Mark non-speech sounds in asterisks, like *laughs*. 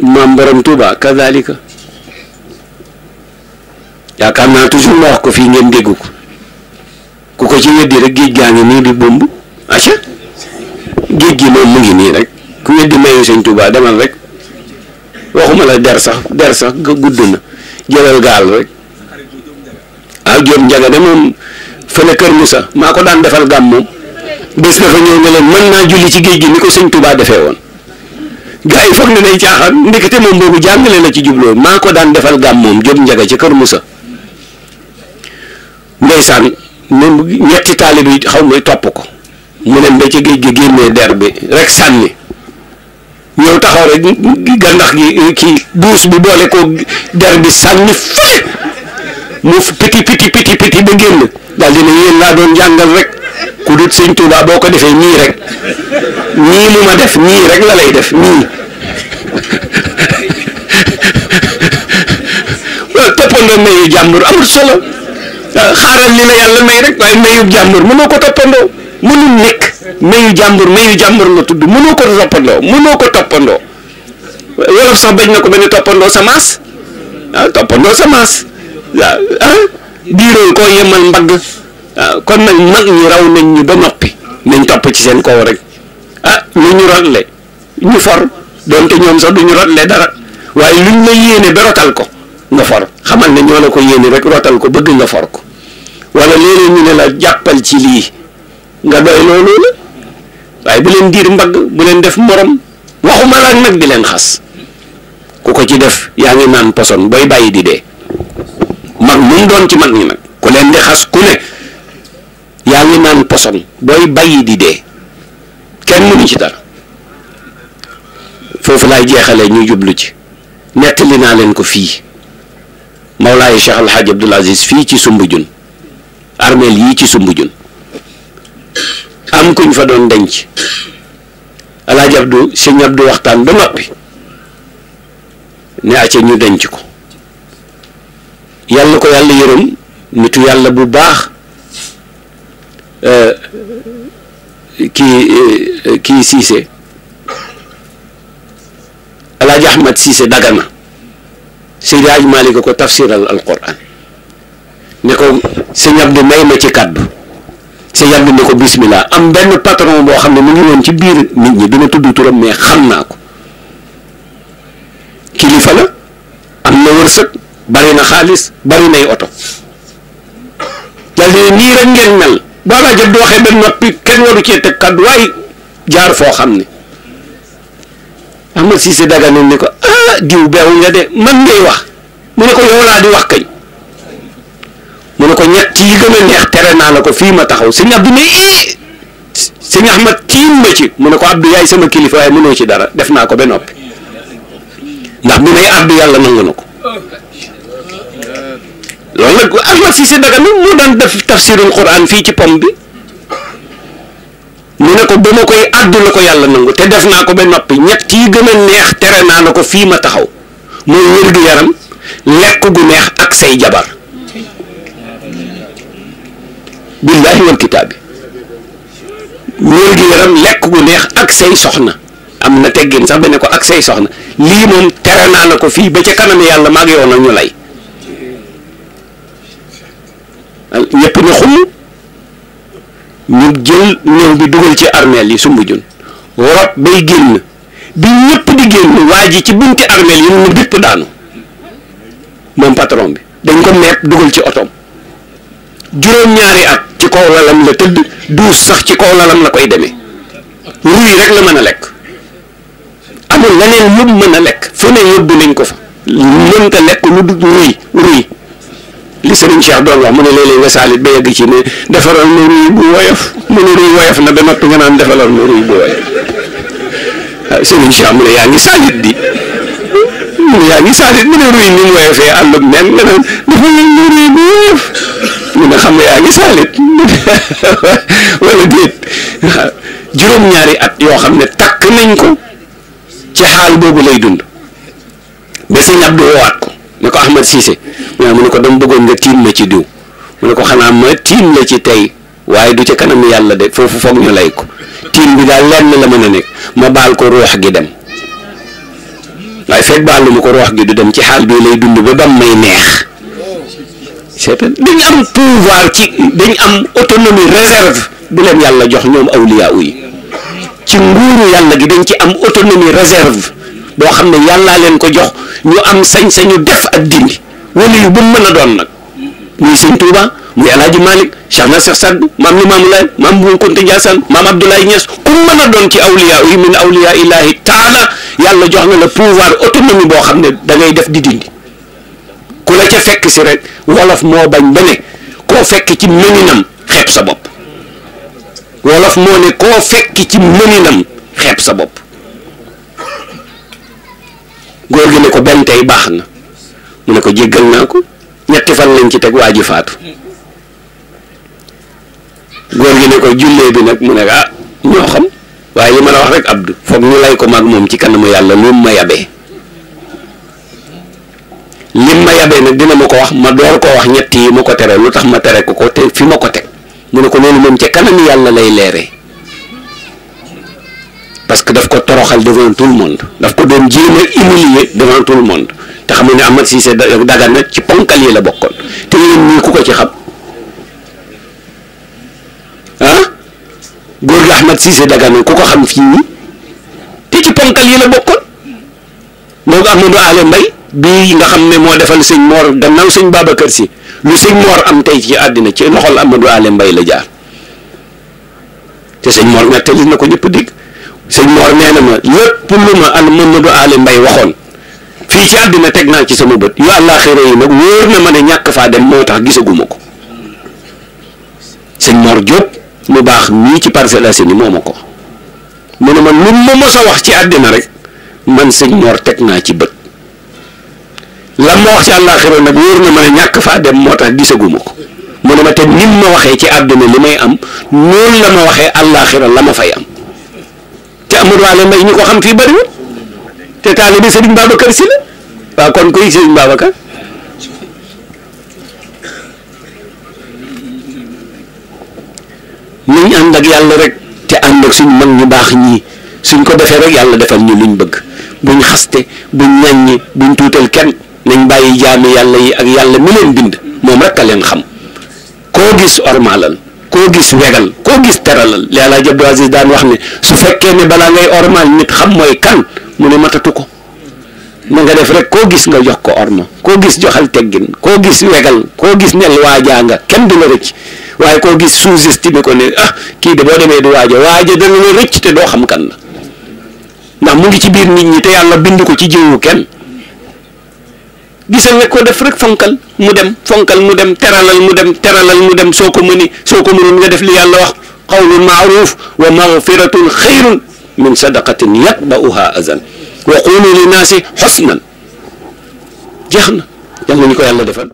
maam borom Touba kazalika yaakaar naa toujours ma wax ko fii ngeen dégg ko ku ko ci weddi rek géej gaa ngi nii di bomb aca géej gi moom mu ngi nii rek ku weddi mayu sëñ Touba demal rek waxuma la der sax der sax gudd na jëlal gaal rek ah Diop Ndiaga de moom fële Kër Moussa maa ko daan defal gàmm moom bés dafa ñëw ne leen mën naa julli ci géej gi ni ko sëñ Touba defee woon. gars yi foog ne day caaxaan te moom boobu jàngale la ci jubloon maa ko daan defal gàmm moom Jóob Njaga ca Kër Moussa ndeysaan même ñetti taalib yi xaw ma topp ko mu ne ba ci géej gi génnee der bi rek sànni ñëw taxaw rek gandax gi eh, kii duus boole ko der bi sànni fële mu piti piti piti piti ba génn daal dina yéen laa doon jàngal rek ku dut sëñ Tuubaa boo ko defee nii rek nii mu ma def nii rek la lay def nii toppandoo mayu jàmbur amul solo ah, xaaral li la yàlla may rek waaye mayu jàmbur mënoo ko toppandoo mënul nekk jàmbur mayu jàmbur la tudd mënoo ko toppandoo mënoo ko toppandoo wolof sax bañ na ko ba ne toppandoo sa maas ah toppandoo sa maas ah, ah diiroo koo yemal mbagg ah kon nag mag ñi raw nañ ñu ba noppi nañ topp ci seen kaw rek ah lu ñu rotle ñu for. donte ñoom sax duñu rotle dara waaye luñ la yéene ba rotal ko nga for xamal ne ñoo la ko yéene rek rotal ko bëgg nga for ko wala léeg ñu ne la jàppal ci lii nga doy loolu la waaye bu leen diir mbagg bu leen def morom waxuma la nag di leen xas ku ko ci def yaa ngi naan poson booy bàyyi di dee mag mu doon ci mag ñi nag ku leen ku ne yaa ngi naan poson booy bàyyi di dee kenn mënu ci dara foofu laay jeexalee ñuy jublu ci nettali naa leen ko fii Mawlaay Cheikh Al Hadj Abdoul Aziz fii ci Sumbujun armeel yii ci Sumbujun am kuñ fa doon denc El Hadj Abdou sëñ Abdou waxtaan ba noppi ne acca ñu denc ko yàlla ko yàlla yërëm nitu yàlla bu baax euh, kii euh, kii siise Ahmad Cissé Dagana Seydi Hadj Malick ko tafsiral alquran ne ko sëñ Abdou may ma ci kaddu sëñ Abdou ne ko bismillah am benn patron boo xam ne mu ngi woon ci biir nit ñi duma tudd turam mee xam naa ko kilifa la am na wërsëg bari na xaalis bari nay oto dal nii rek ngeen mel boo laa jël doo waxee ba noppi kenn waru cee teg kaddu waaye jaar foo xam ne Ahmed Cissé Dagana ne ko ah diw beewuñ la de man ngay wax mu ne ko yow di wax kañ mu ne ko ñett yi gën a neex tere naa la ko fii ma taxaw si Abdou ne eh sëñ tiim ma ci mu ne ko Abdou yaay sama kilifa waaye mënoo ci dara def naa ko ba noppi ndax bi may Abdou yàlla nangu na ko loolu nag Ahmed Cissé Dagana moo daan def tafsirul Quran fii ci pom bi. mu ne ko ba ma koy àddu la ko yàlla nangu te def naa ko ba noppi ñett yi gën a neex tere naa la ko fii ma taxaw mooy wér gu yaram lekk gu neex ak say jabar billaahi wal wér gu yaram gu neex ak say soxna am na teggin sax ba ne ko ak say soxna lii moom tere naa la ko fii ba ca kanam yàlla maag yow nag ñu lay ñëpp ne xum ñu jël néew bi dugal ci armeel yi sumb jun rob bay génn bi ñëpp di génn waa ji ci bunti armeel yi mu bépp daanu moom patron bi dañ ko meeb dugal ci otoom juróom-ñaari at ci kaw lalam la tëdd duus sax ci kaw lalam la koy demee ruy rek la mën a lekk amul leneen lu mën a lekk fu ne yóbbu ko fa mënta lekk lu dul ruy ruy li Serigne Cheikh doon wax mu ne léeg-léeg nga saalit ba yegg ci ne defaral ma ruy bu woyof mu ne ruy woyof na ba noppi nga naan defaral ma ruy bu woyof waaw ah, Serigne Cheikh mu ne yaa ngi saalit di mu ne ruy ni mu woyofee àll bi mel nga naan defaral ma ruy bu woyof mu ne xam nga yaa ngi saalit *laughs* wala déet ah, juróom-ñaari at yoo xam ne takk nañ ko ci xaal boobu lay dund ba sëñ Abdou woowaat ko ne ko Ahmed Cissé mais mu ne ko dama bëggoon nga tiim ma ci diw mu ne ko xanaa ma tiim la ci tey waaye du ca kanam yàlla de foofu foog ñu lay ko tiim bi daal lenn la mën a nekk ma baal ko ruux gi dem waaye fekk baalu ma ko ruux gi du dem ci xaal bii lay dund ba bam may neex c'est dañ am pouvoir ci dañ am autonomie réserve bu yàlla jox ñoom awliyaa yi ci yàlla gi dañ ci am autonomie réserve boo xam ne yàllaa leen ko jox ñu am sañ-sañu def ak dindi wala yu bu mën a doon nag muy sëñ Touba muy El Hadj Malick Cheikh Nasser Sadd maam Limaamu Laay maam Bou Kounta Ndiassane maam Abdoulaye Niass ku mën a doon ci awliya yi min awliya Illaahi taala yàlla jox na la pouvoir otonomi boo xam ne dangay def di dindi ku la ca fekk si rek wolof moo bañ ba ne koo fekk ci mëninam xeeb sa bopp wolof moo fekk ci mëninam xeeb sa bopp góor gi ne ko benn tey baax na. mu ne ko jéggal naa ko ñetti fan lañ ci teg waa ji faatu góor gi ne ko jullee bi nag mu ne ah ñoo xam waaye li ma la wax rek Abdou foog ñu lay ko mag moom ci kanamu yàlla lu ma yabee lim ma ma ko wax ma ko wax ñett ma ko lu tax ma ko ko te fi ma ko teg mu ne ko loolu moom ca lay leeree parce que daf ko toroxal devant tout le monde daf ko doon jéem a devant tout le monde te xam nga ne Amath Cissé dagan na ci ponkal yi la bokkoon te yéen ku ko ci xam góor gi dagan ku ko xam fii nii ci ponkal yi la bokkoon moog Amadou Ale Mbaye bii nga xam ne moo defal sëñ Mor gannaaw sëñ kër si lu sëñ Mor am tey ci àddina ci loxol Amadou Ale mbay la jaar te moor Mor nettali na ko ñëpp dégg sëñ Mor nee ñëpp ma lépp lu ma Amadou Ale mbay waxoon. fii ci àddina teg naa ci sama bët yu àllaaxira yi nag wóor na ma ne ñàkk faa dem moo tax gisaguma ko sëñ Mor Diop mu baax nii ci Parcelles Assainies moo ma ko mu ne ma lu ma wax ci àddina rek man sëñ Mor teg naa ci bët lan ma wax ci àllaaxira nag wóor na ma ñàkk faa dem moo tax gisaguma ko mu ma te nim ma waxee ci àddina li may am noonu la ma waxee àllaaxira la ma fay am te Amadou Alé Mbaye ñu ko xam fii bëriwul. te taalibe Serigne Babacar Sy la waaw kon koy Serigne Babacar nañ ànd ak yàlla rek te ànd ak suñu mag ñu baax ñii suñ ko defee rek yàlla defal ñu luñ bëgg buñ xaste buñ ñàññi buñ tuutal kenn nañ bàyyi jaami yàlla yi ak yàlla mi leen bind moom rek a leen xam koo gis ormalal koo gis wegal koo gis teralal li El Hadj daan wax ni su fekkee ne balaa ngay ormal nit xam mooy kan mu ne matatu ko na nga def rek koo gis nga jox ko orma koo gis joxal teggin koo gis wegal koo gis nel waajaa nga kenn du la rëcc waaye koo gis sous-estimé ko ne ah kii de boo demee du waaja waaja dana la rëcc te doo xam kan la ndax mu ngi ci biir nit ñi te yàlla bind ko ci jiwu kenn gisal ne ko def rek fonkal mu dem fonkal mu dem teralal mu dem teralal mu dem soo ko mëni soo ko mënul nga def li yàlla wax qawlun ma'ruf wa maghfiratun xayrun min sadaqatin yatba'uha azan wa qulu linnaasi husnan jeex na yal na ñu ko yàlla defal